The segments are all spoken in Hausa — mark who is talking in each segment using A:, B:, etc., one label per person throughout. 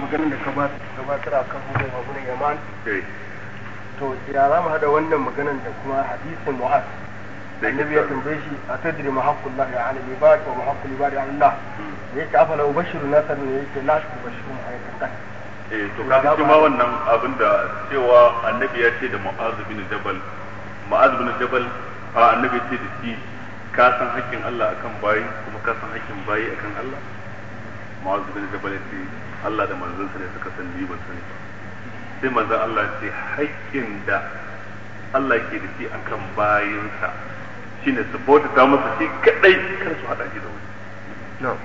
A: maganin da ka ba tara kan hudun abunan yaman eh. to ya za mu hada wannan maganan da kuma hadisin mu'az annabi ya tambaye shi a tadri ma haqqul lahi ala ibad wa ma haqqul ibad ala Allah ne hmm. yake afala ubashiru nasar ne yake la tu a ayatan eh to ka shi kuma wannan abin da cewa annabi ya ce da mu'az bin jabal mu'az bin jabal a annabi ce da shi ka san haƙƙin Allah akan bayi kuma ka san haƙƙin bayi akan Allah ma'azu bin jabal ya ce Allah da sa ne suka san ban sani ba sai manzan Allah ya ce haƙƙin da Allah ke da shi akan bayinsa shine su ta masa shi kadai kar su hada shi da wani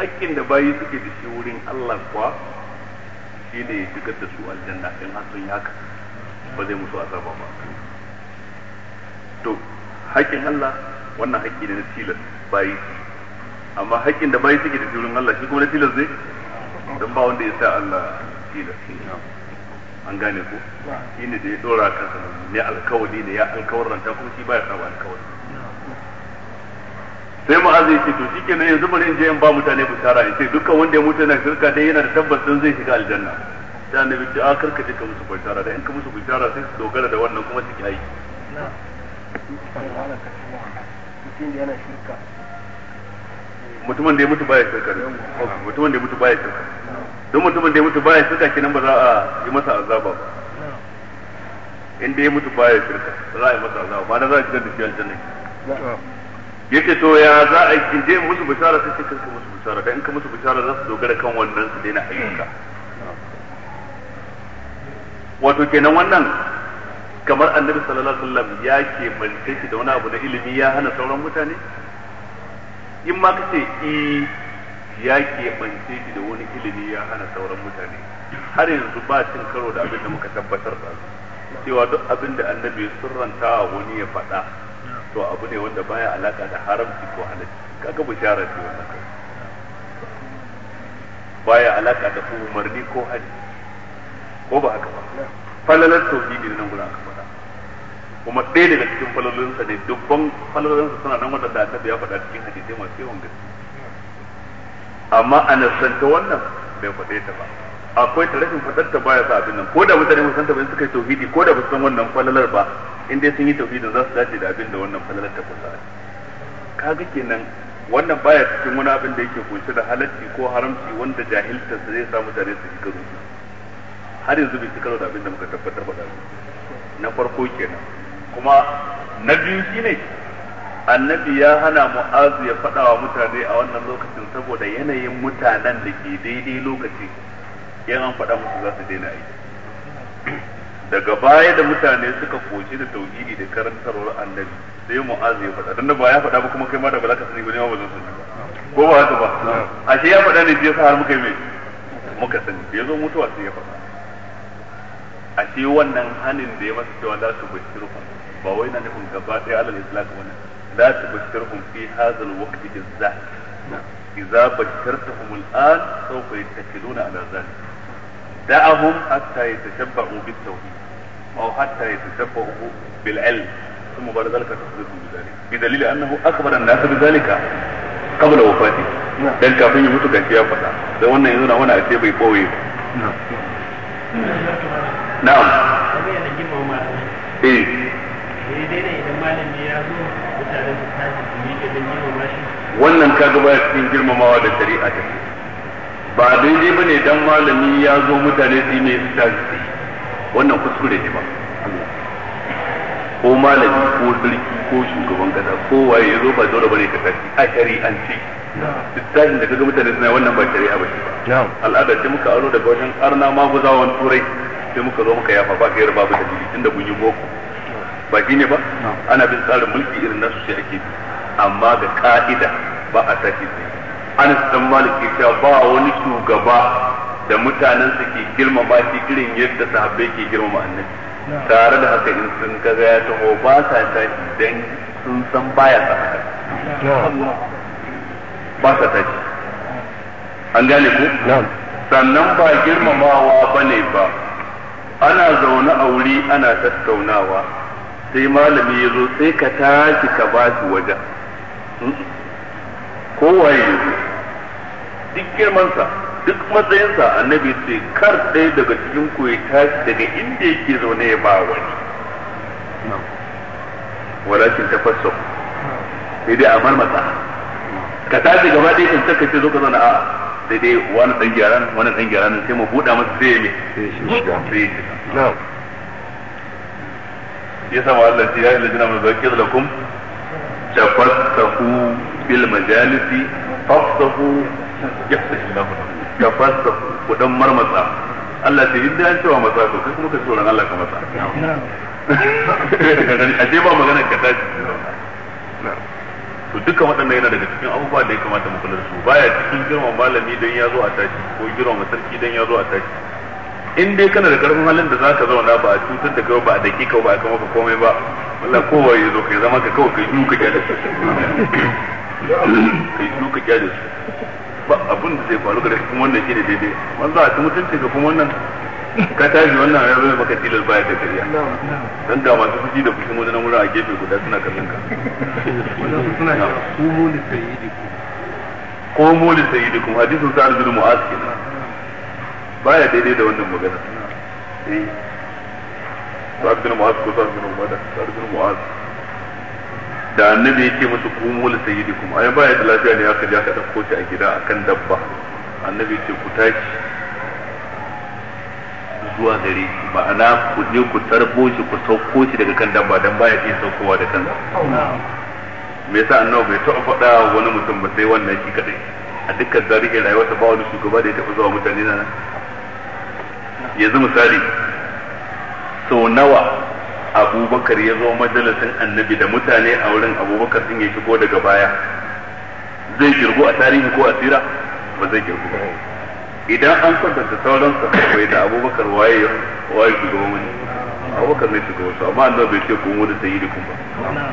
A: haƙƙin da bayi suke da shi wurin Allah kuwa shine ya shigar da su aljanna in har sun yaka ba zai musu azaba ba to haƙƙin Allah wannan haƙƙi ne na tilas bayi amma haƙƙin da bai suke da shi wurin Allah shi kuma na tilas ne don ba wanda ya sa Allah tilas an gane ko shi ne da ya dora kansa ne alkawari ne ya ranta kuma shi baya saba alkawari sai ma azai ce to shikenan yanzu bari in je in ba mutane bishara in ce dukkan wanda ya mutu yana shirka dai yana da tabbacin zai shiga aljanna ta annabi ce a karka je ka musu bishara da in ka musu bishara sai su dogara da wannan kuma su ki aiki mutum yana shirka mutumin da ya mutu baya shirka ne mutumin da ya mutu baya shirka don mutumin da ya mutu baya shirka kenan ba za a yi masa azaba ba inda ya mutu baya shirka ba za a yi masa azaba ba na za a shigar da shi aljanna yace to ya za a yi je musu bishara sai ce kanka musu bishara da in ka musu bishara za su dogara kan wannan su daina ayyuka wato kenan wannan kamar annabi sallallahu alaihi wasallam ya ke mulke shi da wani abu na ilimi ya hana sauran mutane in ma ka ce i eh, ya bance shi da wani ilimi ya hana sauran mutane har yanzu ba cin karo da abin da muka tabbatar da cewa duk abin da annabi surranta wani ya faɗa to abu ne wanda baya alaka da haramci ko halacci kaga bishara ce wannan kai baya alaka da umarni ko hali ko ba haka ba falalar tauhidi nan haka ba. kuma ɗaya daga cikin falalinsa ne dubban falalinsa suna nan wadanda da ya faɗa cikin hadisai masu yawan gaske amma a nasanta wannan bai faɗe ta ba akwai ta rashin faɗar ta baya sa abin nan ko da mutane mun santa ba suka yi tauhidi ko da ba su san wannan falalar ba in dai sun yi tauhidi za su dace da abin da wannan falalar ta kusa kaga kenan wannan baya cikin wani abin da yake kunshe da halacci ko haramci wanda jahilta su zai sa mutane su yi karo har yanzu bai karo da abin da muka tabbatar ba na farko kenan kuma na biyu shine annabi ya hana mu'azu ya faɗa wa mutane a wannan lokacin saboda yanayin mutanen da ke daidai lokaci yan an faɗa musu za su daina aiki daga baya da mutane suka koci da tauhidi da karantarwar annabi sai mu'azu ya faɗa dan ba ya faɗa ba kuma kai ma da ba za ka sani ba ne ma ba zan sani ba ko ba haka ba ashe ya faɗa ne sa har muka yi mai muka sani da ya zo mutuwa sai ya faɗa ashe wannan hanin da ya masa cewa za su bashirku ba wai na nufin gaba ɗaya alal islaq wani la tabashshirhum fi hadha alwaqti bizzat idza bashartahum al'an sawfa yattakiluna ala zalik da'ahum hatta yatashabba'u bit-tauhid أو حتى يتشبهوا بالعلم ثم بعد ذلك تخبرهم بذلك بدليل أنه أخبر الناس بذلك قبل وفاته dan kafin ya mutu ga ya faɗa da wannan yanzu na wani ace bai koye na'am eh wannan kaga baya cikin girmamawa da shari'a ta ce. ba daidai ba ne dan malami ya zo mutane su ne su tashi wannan kuskure ne ba ko malami ko sarki ko shugaban kasa ko waye ya zo ba ba bane ka tashi a shari'ance tashin da kaga mutane suna wannan ba shari'a ba ba al'ada ce muka aro daga wajen arna maguzawan turai sai muka zo muka yafa ba ka yarba ba tun tunda kun yi boko ba shi ne ba ana bin tsarin mulki irin nasu sai ake bi amma da ka'ida ba a sake sai An dan malik cewa ba wani shugaba da mutanen su ke girmama shi irin yadda sahabbai ke girmama annabi tare da haka in sun kaga ya taho ba sa tashi dan sun san baya sa haka ba sa tashi an gane ku sannan ba girmamawa bane ba ana zaune a wuri ana tattaunawa sai malami ya zo sai ka tashi ka ba shi wajen kowaye ya zo duk girmansa duk matsayinsa annabi sai kar ɗaya daga cikin ku ya tashi daga inda yake zaune ya ba wani walakin fasso sai dai a marmata ka tashi gaba ɗaya in ta kace zo ka zauna a'a sai dai wani ɗan gyara wani ɗan gyara sai mu buɗa masa sai ya mai sai shi shiga shi yasa ma Allah ya yi ladina mun zakir lakum tafassahu bil majalisi fafsahu yafsahillahu tafassahu ku dan marmatsa Allah ce inda an cewa matsa to kai kuma ka tsoron Allah ka masa. a ce ba magana ka tashi to dukkan waɗannan yana daga cikin abubuwa da ya kamata mu kula da su baya cikin girman malami dan ya zo a tashi ko girman sarki dan ya zo a tashi in dai kana da karfin halin da zaka zauna ba a cutar da kai ba a dakika ba a kama ka komai ba wala kowa ya zo kai zama ka kawai kai duka ka da su kai duka ka da su ba abin da zai faru gare kuma wannan ne daidai wanda a mutunci ga kuma wannan ka tashi wannan ya zama maka tilal baya da kariya dan da masu fushi da fushin wajen wurin a gefe guda suna kallon ka suna ko mole sayyidi ko mole sayyidi kuma hadisin sa'ad bin mu'az kenan baya daidai da wannan magana eh sa'ad bin mu'az ko sa'ad bin ubada sa'ad bin mu'az da annabi yake musu kumul sayyidikum ai baya da lafiya ne aka ji aka dauko shi a gida akan dabba annabi yake ku tashi zuwa gare shi ma'ana ku je ku tarbo shi ku sauko shi daga kan dabba dan baya iya saukowa da kansa me yasa annabi bai taɓa faɗa wani mutum ba sai wannan shi kadai a dukkan tarihin rayuwarsa ba wani shugaba da ya taɓa zuwa mutane na yanzu misali sau nawa abubakar ya zo majalisin annabi da mutane a wurin abubakar sun ya shigo daga baya zai girgu a tarihi ko asira ba zai girgu ba idan an kwatanta sauran sahabbai da abubakar waye waye shugaba wani abubakar ne shugaba su amma annabi bai ce kun wani sayi da kun ba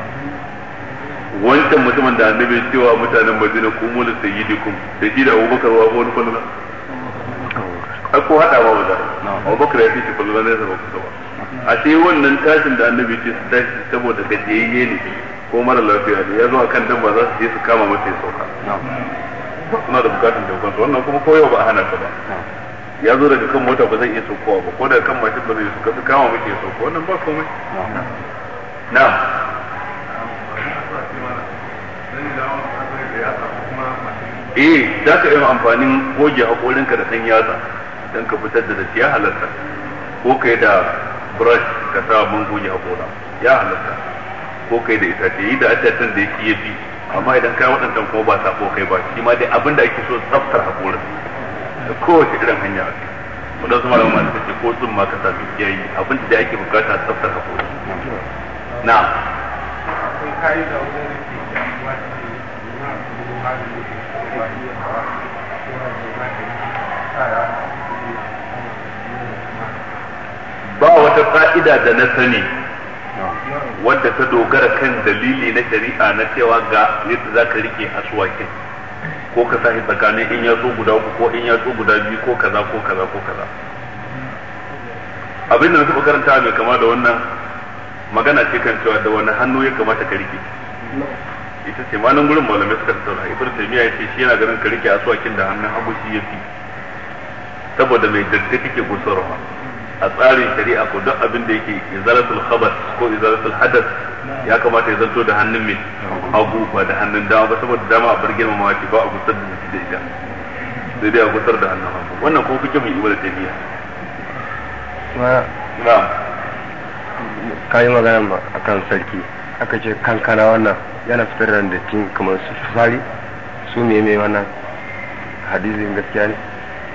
A: wancan mutumin da annabi cewa mutanen madina kun wani sayi da kun da shi da abubakar wa wani kwallon ai ko hada ba wajen Abu Bakar ya fi shi kullum ne ba kusa ba a sai wannan tashin da annabi ce su tashi saboda gajiyayye ne ko mara lafiya ne ya zo akan dabba za su je su kama mace ya sauka suna da bukatun da su wannan kuma ko yau ba a hana ta ba ya zo daga kan mota ba zai iya saukowa ba ko daga kan mashin ba zai iya sauka su kama mace ya sauka wannan ba komai na eh za ka yi amfanin goge haƙorinka da san yatsa don ka fitar da datti ya halatta ko kai da brush ka sa mun goge hakora ya halatta ko kai da itace yi da addatin da yake yafi amma idan kai waɗannan kuma ba sako kai ba shi ma dai abin da ake so tsaftar hakora da kowace irin hanya ake wanda su malama da kace ko sun ma ka sa su yayi abin da ake bukata tsaftar hakora na akwai ka'ida da ke da wata fa'ida da na sani wadda ta dogara kan dalili na shari'a na cewa ga yadda za ka rike aswakin ko ka sahi tsakanin in zo guda uku ko in zo guda biyu ko kaza ko kaza ko kaza abinda na taɓa karanta mai kama da wannan magana ce kan cewa da wani hannu ya kamata ka rike ita ce malam gurin malamai suka tattauna ibnu taymiya ce shi yana ganin ka rike aswakin da hannun hagu shi fi saboda mai dadda kake gusarwa a tsarin shari'a ko duk abin da yake izalatul khabar ko izalatul hadath ya kamata ya zanto da hannun mai hagu ba da hannun dama ba saboda dama a bar girmama mawaki ba a gusar da shi da ita sai dai a gusar da hannun hagu wannan ko kuke mai ibada tafiya ka kayi magana ma a kan sarki aka ce kankana wannan yana fitar da dattin kamar su fari su ne mai wannan hadisin gaskiya ne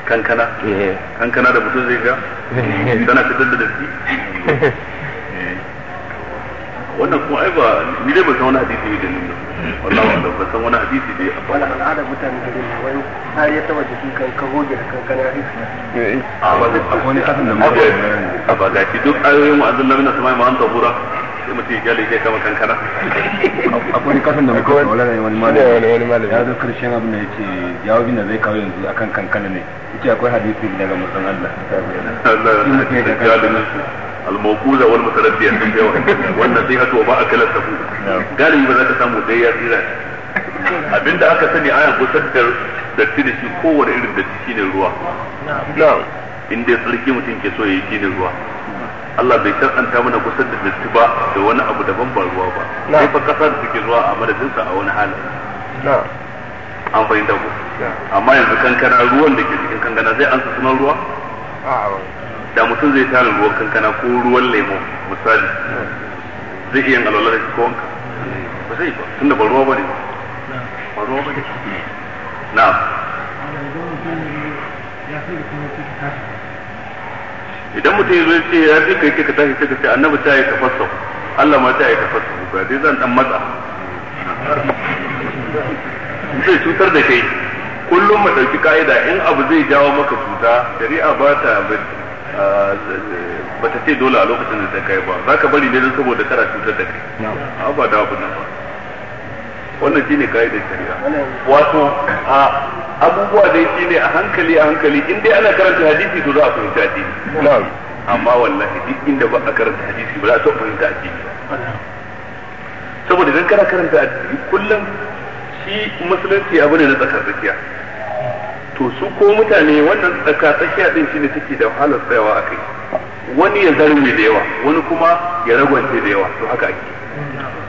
A: kankana eh. kankana da mutum zai ga eh. tana fitar da dafi eh. wannan kuma ai ba ni dai ban san wani hadisi mai dalilin ba wallahi ba ban san wani hadisi dai a bala al'ada mutane da dai wani har ya taba jikin kankan hoge da kankana a ba zai akwai wani hadin da mu ba ga duk ayoyin wa'azin lamina sama ma tabura sai mutum ya gyale ya kama kankana akwai kasan da muka wala ne wani malami wani ya zo karshen abin da yake jawabin da zai kawo yanzu akan kankana ne yake akwai hadisi daga musan Allah Allah mutum ya kankana الموقوزة والمتردية والنصيحة وما أكل السفود قال إذا ذاك سامو دي يا abinda aka sani ana gusar da datti da shi kowane irin datti shine ruwa in dai sarki mutum ke so ya yi shine ruwa Allah bai shar'anta mana kusan da datti ba da wani abu daban ba ruwa ba sai fa kasar da take ruwa a madadin sa a wani halin an fahimta ku amma yanzu kankana ruwan da ke cikin kankana zai ansa sunan ruwa da mutum zai tara ruwan kankana ko ruwan lemo misali zai iya ngalala alwala da ko wanka ba zai ba tunda ba ruwa bane ba ruwa bane na'am ya sai kuma cikin idan mutum yazo ce ya ji kai ka tashi sai ka ce annabi ta yi tafassu Allah ma ta yi tafassu ba dai zan dan matsa zai cutar da kai kullum mu dauki ka'ida in abu zai jawo maka cuta shari'a ba ta ba ta ce dole a lokacin da ta kai ba zaka bari ne don saboda kana cutar da kai ba da abu nan ba wannan shine kaidar shari'a wato a abubuwa dai shine a hankali a hankali in dai ana karanta hadisi to za a fahimta addini amma wallahi duk inda ba a karanta hadisi ba za a so fahimta addini saboda idan kana karanta addini kullum shi musulunci abu ne na tsakar tsakiya to su ko mutane wannan tsaka tsakiya din shine take da wahalar tsayawa akai wani ya zarme da yawa wani kuma ya ragwance da yawa to haka ake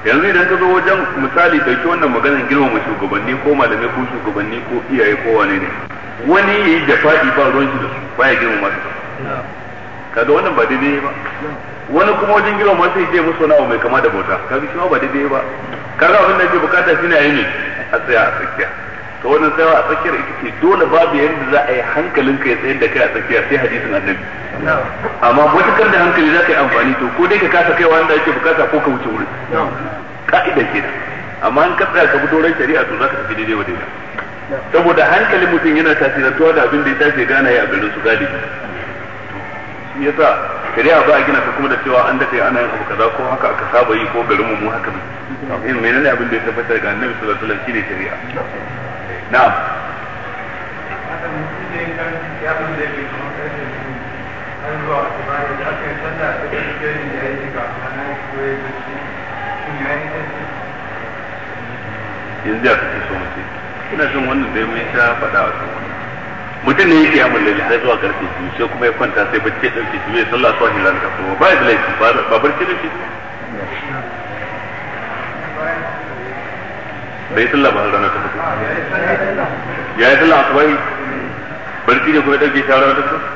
A: yanzu idan ka zo wajen misali dauki wannan maganar girmama shugabanni ko malamai ko shugabanni ko iyaye ko wane ne wani ya yi jafa'i ba ruwan shi da su baya girmama Ka kaga wannan ba daidai ba wani kuma wajen girmama su yaje musu wani mai kama da bauta kaga shi ba daidai ba kaga abin da ke bukata ne a yi ne a tsaya a tsakiya to wannan tsayawa a tsakiyar ita ce dole babu yadda za a yi hankalinka ya tsayar da kai a tsakiya sai hadisin annabi amma mutukar da hankali za ka yi amfani to ko dai ka kasa kai wanda yake bukata ko ka wuce wurin ka'ida ke da amma an katsa ka bi doron shari'a to za ka tafi daidai wa daidai saboda hankalin mutum yana tasirantuwa da abin da ya tashi gana ya a garin su gadi shi sa shari'a ba a gina ka kuma da cewa an dace ana yin abu kaza ko haka aka saba yi ko garin mu haka. haka ne in menene abin da ya tabbata ga annabi sallallahu alaihi wasallam shine shari'a na'am yanzu ya kace so mutum ina son wannan da mai sha faɗa a kan wannan mutum ne yake yamun lalle sai zuwa karfe biyu sai kuma ya kwanta sai bacci ɗauke shi bai sallah suwa ne ranar kasuwa ba ya laifi ba barci da shi bai sallah ba ranar kasuwa ya yi sallah asubahi barci ne kuma ya ɗauke shi ranar kasuwa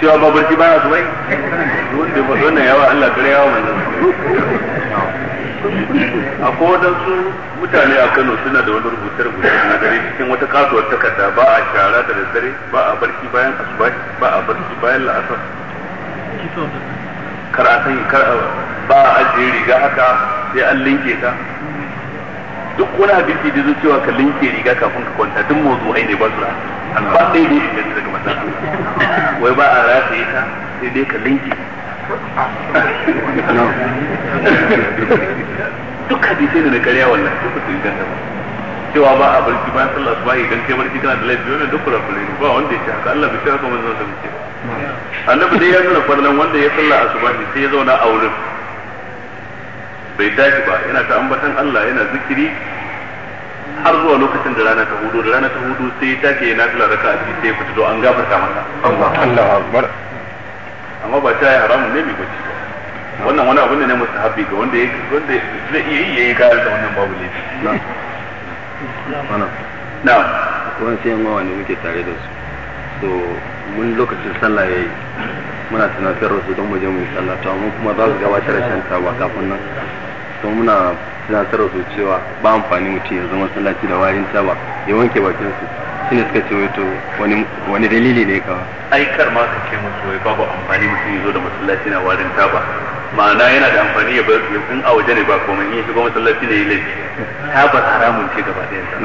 A: cewa ba barci ba su bai wanda ba zo yawa Allah kare yawa mai a ko wadansu mutane a Kano suna da wani rubuce rubuce na dare cikin wata kasuwar takarda ba a shara da daddare ba a barci bayan asuba ba a barci bayan la'asar kar a sanya kar ba a ajiye riga haka sai an linke ta duk wani abin da zo cewa ka linke riga kafin ka kwanta duk motsu ne ba su da ba ɗaya ne inganta daga maza wai ba a rataye ta sai dai ka linki duk hadisai da na karya wannan duk su inganta ba cewa ba a barci bayan sallah su bayi idan kai barci kana da laifi wannan duk kula kula ba wanda ya ce haka Allah bai ce haka manzon sa bai ce annabi dai ya nuna farlan wanda ya sallah asubahi sai ya zauna a wurin bai tashi ba yana ta ambatan Allah yana zikiri har zuwa lokacin da rana ta hudu da rana ta hudu sai ta ke na tula raka a sai fita to an gafarta masa Allah akbar amma ba ta yi haramun ne mai bacci wannan wani abu ne na mustahabi ga wanda ya wanda zai iya yi yayi kare da wannan babu laifi na wani sai yan mawa ne muke tare da su so mun lokacin sallah yayi muna tunatar da su don mu je mu yi sallah to amma kuma za su gabatar da shan ba kafin nan to muna tunatar su cewa ba amfani mutum ya zama masallaci da warin taba ya wanke bakin su shine suka ce wai to wani dalili ne kawa Aikar ma ka ce musu wai babu amfani mutum ya zo da masallaci na warin taba ma'ana yana da amfani ya bar ya kun a waje ne ba komai in ya shiga masallaci ne ya laifi tabar haramun ce gaba ɗayan ta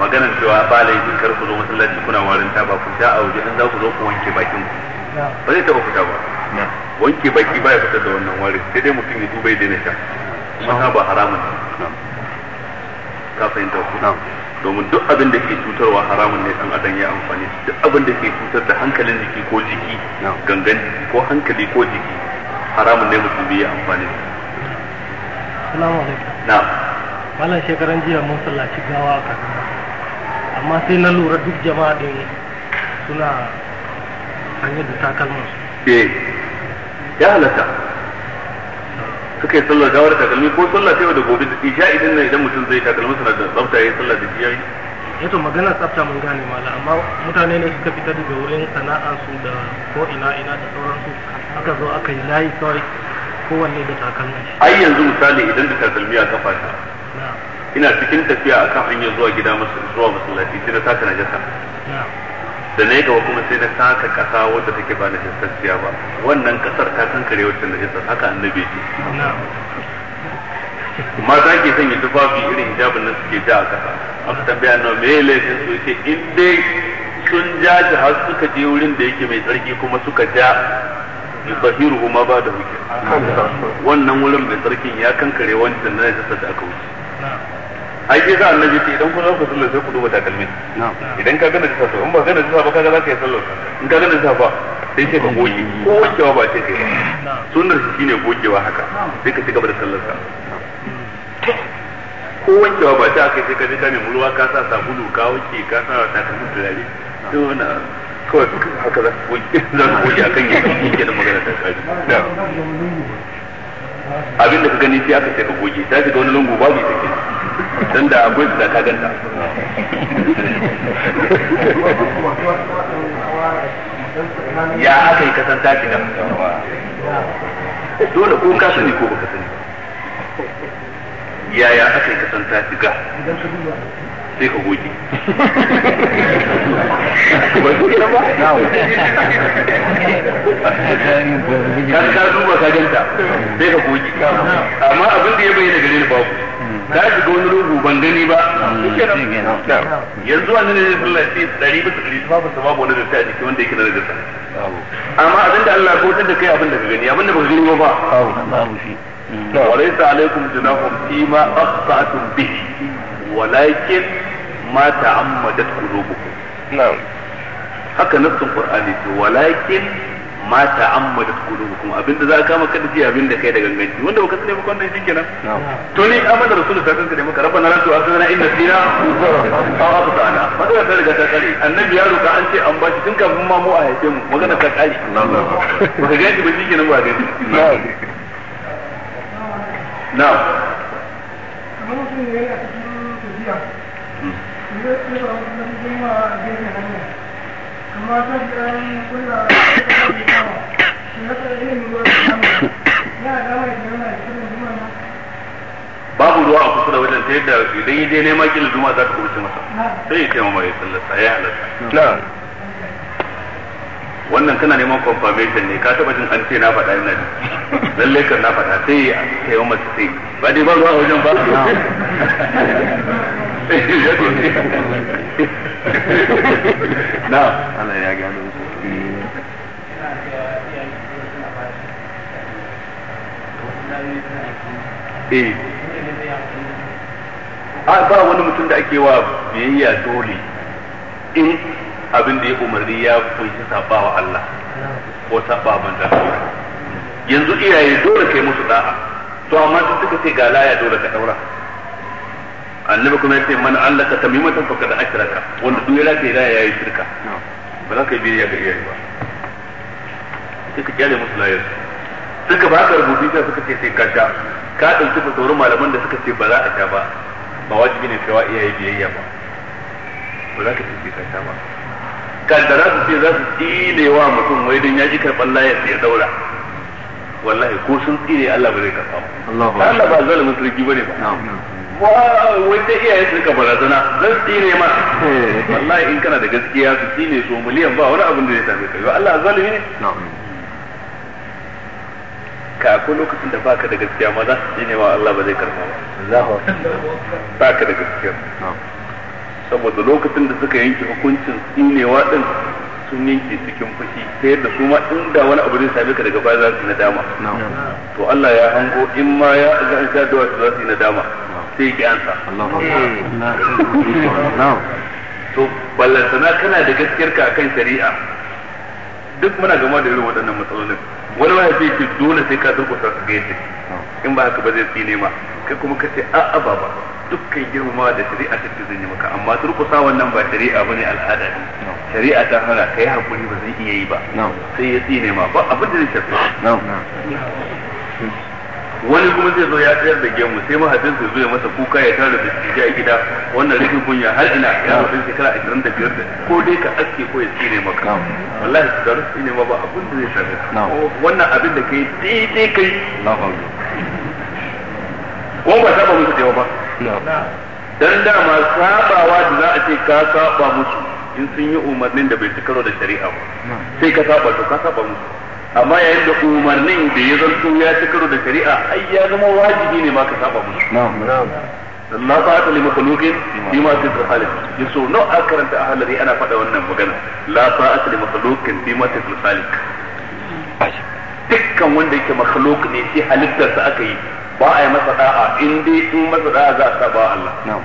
A: maganar cewa ba laifin kar ku zo masallaci kuna warin taba ku sha a waje in za ku zo ku wanke bakin ku ba zai taɓa fita ba wanke baki baya fitar da wannan warin sai dai mutum ya duba ya daina sha kuma ta ba haramun ka fahimta ku domin duk abin da ke cutarwa haramun ne dan adam ya amfani duk abin da ke cutar da hankalin jiki ko jiki gangan ko hankali ko jiki haramun ne mutum ya amfani Assalamu alaikum. Na'am. shekaran jiya mun sallaci gawa a Kaduna. Amma sai na lura duk jama'a din suna hanyar da takalmansu. Eh. ya halatta suka yi sallar gawar takalmi ko sallah ta yau da gobe isha idan nan idan mutum zai takalmi suna da tsafta ya yi sallah da jiyayi. yayi yato magana tsafta mun gane mala amma mutane ne suka fita daga wurin sana'a su da ko ina ina da sauransu aka zo aka yi layi kawai kowanne da takalmi ai yanzu misali idan da takalmi a kafa ta ina cikin tafiya akan hanyar zuwa gida masu zuwa masallaci sai na taka najasa da na yi gaba kuma sai na taka kasa wadda take ba najasasciya ba wannan kasar ta kankare wacce najasar haka annabi ce mata ke sanya tufafi irin hijabin nan suke ja a kasa aka tambaya nawa me laifin su ce in dai sun ja ta har suka je wurin da yake mai tsarki kuma suka ja bahiru kuma ba da hukin wannan wurin mai tsarkin ya kankare wancan na najasar da aka wuce ai za a annabi ce idan kun zaka sallar sai ku duba takalmi idan ka gane jisa to in ba gane jisa ba kaga zaka yi sallar in ka gane jisa ba sai ka goge ko wankewa ba ce ke ba sunnar shi shine gogewa haka sai ka ci gaba da sallar ka ko wankewa ba ta kai sai ka je ka nemi ruwa ka sa sabulu ka wanke ka sa takalmin turare to wannan kawai haka za ku goge akan yanzu ke da magana ta kai abin da ka gani sai aka ce ka goge ta shiga wani lungu babu ita kenan dan da akwai da ka ganta ya aka yi kasan taki da dole ko ka sani ko baka sani yaya aka yi kasan taki ga sai ka goge ba su kira ba ka duba ka ganta sai ka goge amma abin da ya bayyana gare ni babu ta shiga wani rubu ban gani ba hmm, yanzu wani ne sallah ce dari bisa dari babu su babu wani datti a jiki wanda yake da najasa amma abin da Allah ya kotar da kai abin da ka gani abin da ka gani ba ba babu shi hmm. walaysa alaikum junahum fima aqta'tum bihi walakin ma ta'ammadat qulubukum na'am haka nassin qur'ani to walakin ma ta'ammadat qulubukum abinda za ka kama da ji abinda kai da ganganci wanda baka sani ba shi kenan to ni amana rasul ta kanka da maka rabbana la tu'akhidna in a aw akhtana magana ta riga ta kare annabi ya roka an ce an ba shi tun kafin ma mu a haife mu magana ta kare ka gani ba shikenan ba gani na'am na'am babu ruwa a kusa da wajen ta yadda idan yi dai nema kila juma'a za ta kubuce masa sai ya ce mama ya tsallasa ya halatta wannan kana neman confirmation ne ka taba jin an ce na faɗa ina ne lallai kan na faɗa sai ya kai masa sai ba dai ba ruwa a wajen ba na ana ya gano eh a ba wani mutum da ake wa biyayya dole in abin da ya umarni ya kunshi saba wa Allah ko saba manzon Allah yanzu iyaye dole kai musu da'a to amma duk suka ce ga laya dole ka daura annabi kuma ya ce man allaka tamimatan faqad ashraka wanda duk ya rataye da yi shirka ba za ka yi biyayya ga iyaye ba sai ka kyale musu layar suka ba ka rubutu sai suka ce sai ka sha ka ɗauki fasaurin malaman da suka ce ba za a sha ba ba wajibi ne kaiwa iyaye biyayya ba ba za ka ce ka sha ba kaddara su ce za su tsine wa mutum wai don ya ji karɓar layar sai ya daura wallahi ko sun tsine Allah ba zai karɓa ba Allah ba zalimin ba bane ba wanda iyaye su ka barazana zan tsine ma eh. wallahi in kana da gaskiya su tsine so miliyan ba wani abin da zai same ka yau Allah zalimi ne ka akwai lokacin da baka da gaskiya ma za su tsine ma Allah ba zai karfa ba baka da gaskiya saboda lokacin da suka yanke hukuncin tsinewa din sun yanke cikin fushi ta yadda su ma inda wani abu zai same ka daga baya za su nadama to Allah ya hango in ma ya ga an sha da za su yi nadama sai ki ansa to ballantana kana da gaskiyar ka akan shari'a duk muna gama da irin waɗannan matsalolin wani ma sai ce dole sai ka durƙusa su ga yadda in ba haka ba zai tsine ma kai kuma ka ce a'a ba baba dukkan girmamawa da shari'a ta ce zan yi maka amma durƙusa wannan ba shari'a bane al'ada ne shari'a ta hana kai hakuri ba zai iya yi ba sai ya tsine ma ba abin da zai shafi wani kuma zai zo ya tsayar da gemu sai mahaifinsa su ya masa kuka ya tara da jiji a gida wannan rikin kunya har ina ya rufe shekara ashirin da biyar ko dai ka aske ko ya ne maka wallahi su garu su ne ma ba abin da zai same wannan abin da kai daidai kai ko ba saba musu da ba dan dama sabawa da za a ce ka saba musu in sun yi umarnin da bai ci karo da shari'a ba sai ka saba to ka saba musu amma yayin da umarnin da ya zanto ya ci karo da shari'a ai ya zama wajibi ne ma ka saba musu la ta'ata li makhluqin fi ma tisra khaliq yaso no a karanta ahlari ana faɗa wannan magana la ta'ata li makhluqin fi ma tisra khaliq dukkan wanda yake makhluk ne shi halittarsa aka yi ba a yi masa da'a in dai in masa da'a za a saba Allah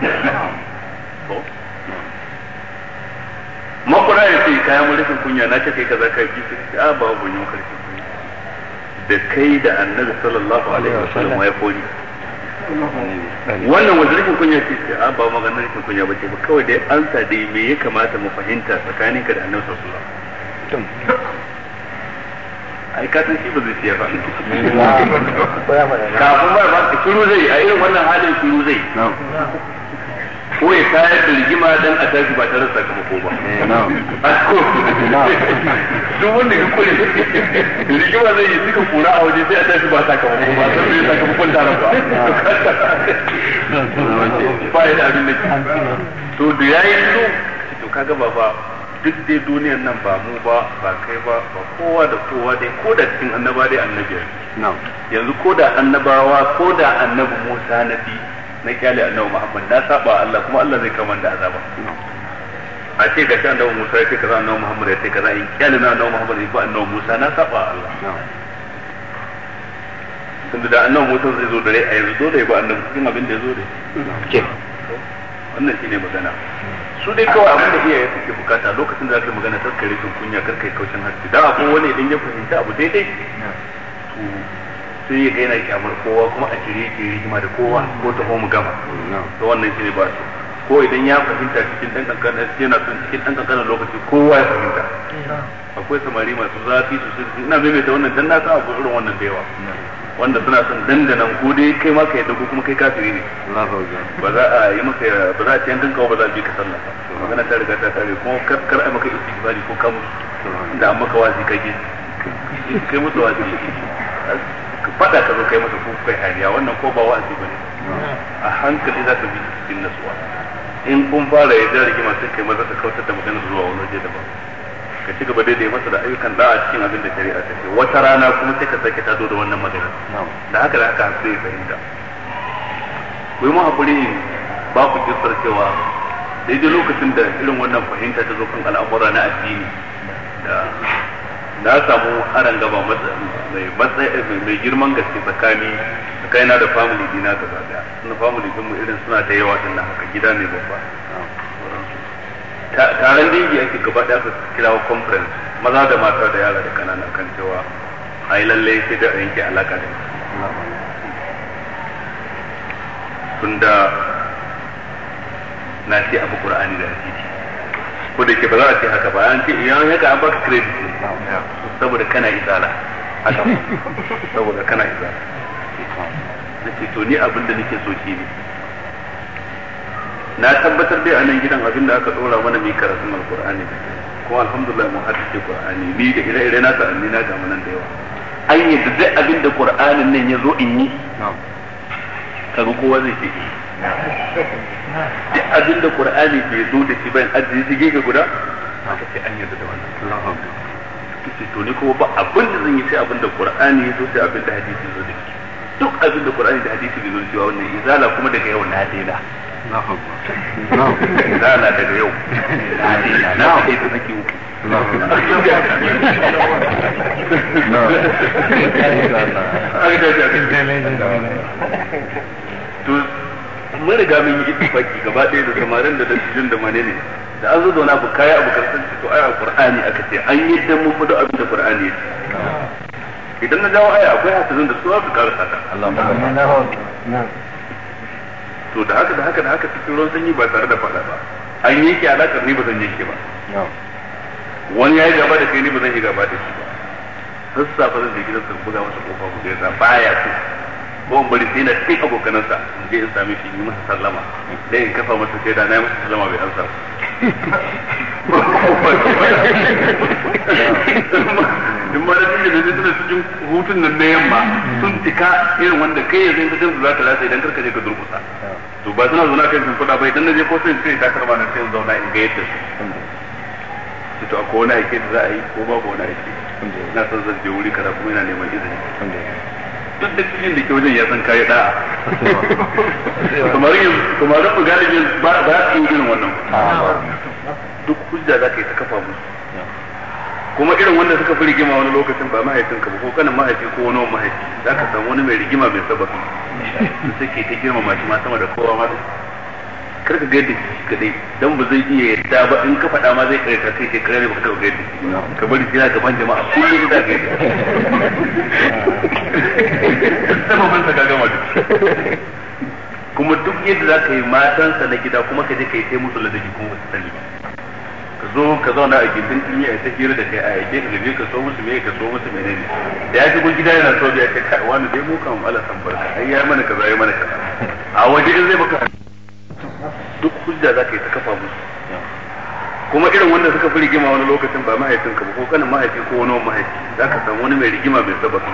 A: makwara ya ce kaya mu rikin kunya na ce kai kaza kai ki a ba ban yi maka rashin kunya da kai da annabi sallallahu alaihi wasallam ya koli wannan wajen rikin kunya ce ce a ah, ba maganar rikin kunya ba ce ba kawai dai an sa dai me ya kamata mu fahimta tsakanin ka da annabi sallallahu alaihi wasallam ai ka san shi ba zai siya ba kafin ba ba shiru zai a irin wannan halin shiru zai ko ya tayar da rigima dan a tashi ba tare da sakamako ba duk wanda ya kure rigima zai yi suka kura a waje sai a tashi ba sakamako ba sai bai sakamakon tare ba ba ya da abin da to da yayin so to kaga ba ba duk dai duniyar nan ba mu ba ba kai ba ba kowa da kowa dai ko da cikin annaba dai annabiyar. yanzu ko da annabawa ko da annabi Musa nabi na kyale annabi Muhammad na saba Allah kuma Allah zai kama da azaba a ce ga shi annabi Musa ya ce kaza annabi Muhammad ya ce kaza in kyale na annabi Muhammad ya ko annabi Musa na saba Allah tunda da annabi Musa zai zo dare a yanzu dole ya ba annabi cikin abin da ya zo da shi wannan shine magana hmm. su dai kawai abin da iyaye suke bukata lokacin da aka magana karkare sun kunya karkai kaushin harshe da kuma wani idan ya fahimta abu daidai to sai ya yana kyamar kowa kuma a jiri ke rigima da kowa ko ta mu gama to wannan shi ne ba su ko idan ya fahimta cikin dan kankana yana son cikin dan kankana lokaci kowa ya fahimta akwai samari masu zafi su sun ina maimaita wannan dan na sa abu irin wannan da yawa wanda suna son dandanan ko dai kai ma ka yadda ko kuma kai kafiri ne ba za a yi maka ba za a ci yankan kawo ba za a bi ka sallah magana ta riga ta tare kuma kar a maka istighfari ko kamus da amma kawai wazi kage kai musu wazi ka fada ka zo kai masa ko kai hariya wannan ko ba wa'azi bane a hankali za ka bi cikin nasuwa in kun fara yadda rigima sai kai maza ka kautar da maganar zuwa wani waje daban ka ci gaba daidai masa da ayyukan da a cikin abin da shari'a ta ce wata rana kuma sai ka sake tado da wannan maganar da haka da haka sai ya fahimta ku yi mu hakuri ba ku kisar cewa daidai lokacin da irin wannan fahimta ta zo kan al'amura na addini da na samu aran gaba mai mai girman gaske tsakani na da family dina gaba daya na family din mu irin suna da yawa din haka gida ne babba taron dangi ake gaba daya aka kira conference maza da mata da yara da kanana kan cewa yi lalle sai da yanke alaka da tunda na ce abu qur'ani da hadisi ko da ke ba za a ce haka ba an ce idan haka an baka credit saboda kana izala haka saboda kana izala nace to ni abinda da nake so shi ne na tabbatar dai a nan gidan abin da aka dora mana mai karatun alkur'ani ko alhamdulillah mu haddace qur'ani ni da ire-ire na ni na ga nan da yawa an yi duk abin da qur'anin nan ya zo in yi kaga kowa zai ce duk abin da qur'ani bai zo da shi bayan ajiye shi gefe guda aka ce an yarda da wannan Allahu akbar kace to ni kuma ba abin da zan yi sai abin da qur'ani ya zo sai abin da hadisi zo da shi duk abin da qur'ani da hadisi bai zo da shi wannan izala kuma daga yau na daina izala daga yau na daina na kai ta nake uku to mun riga mun yi ittifaki gaba ɗaya da samarin da dattijin da mane ne da an zo na bu kaya abu karsan ce to aya qur'ani aka ce an yi dan mun fado abin da qur'ani yake idan na jawo aya akwai hafizin da su za su karasa ta to da haka da haka da haka cikin ruwan sanyi ba tare da fada ba an yanke alakar ni ba zan yanke ba wani ya yi gaba da kai ni ba zan yi gaba da shi ba sassafa zan je gidansa buga masa kofa mu ba baya so ko in bari sai na cikin abokanansa in je in sami shi yi masa sallama da in kafa masa sai da na yi masa sallama bai ansa in ma da cikin da suna cikin hutun nan na yamma sun cika irin wanda kai yanzu in ka gamsu za ka rasa idan karka je ka durkusa to ba suna zuwa kai sun kuɗa ba idan na je ko sun in sai takarma na sai zauna in ga yadda su to akwai wani aiki da za a yi ko babu wani aiki na san zan je wuri kara kuma yana neman izini duk da irin kuma irin wanda suka fi rigima wani lokacin ba mahaifin ka ba ko kanin mahaifi ko wani mahaifi za ka samu wani mai rigima mai su suke ta girma mashi ma sama da kowa ma kar ka gaida shi kadai dan ba zai iya yadda ba in ka faɗa ma zai karanta sai ke karare ba ka gaida ka bari sai jama'a kullum da gaida kuma duk yadda za ka yi matansa na gida kuma ka je ka yi sai musu ladabi kuma ba su sani ba ka zo ka zauna a gindin in ya ta hira da kai a yake ka gabe ka so musu me ka so musu menene da ya shigo gida yana so ya kai kai wani dai mu kan ala san barka ai ya mana kaza ya mana kaza a waje in zai baka duk hujja za ka yi ta kafa musu kuma irin wanda suka fi rigima wani lokacin ba mahaifinka ba ko kanin mahaifi ko wani mahaifi za ka samu wani mai rigima mai sababi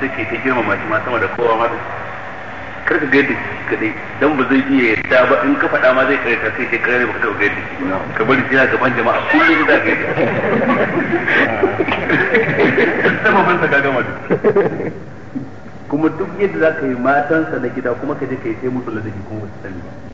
A: sai ke ta girmama shi ma sama da kowa ma kar ka gaida kadai dan ba zai iya yadda ba in ka faɗa ma zai kare ta sai ke kare baka taɓa gaida ka bari sai gaban jama'a kullum da gaida sama ban ta gaga kuma duk yadda za ka yi matansa na gida kuma ka je ka yi sai musu ladabi kuma wasu sani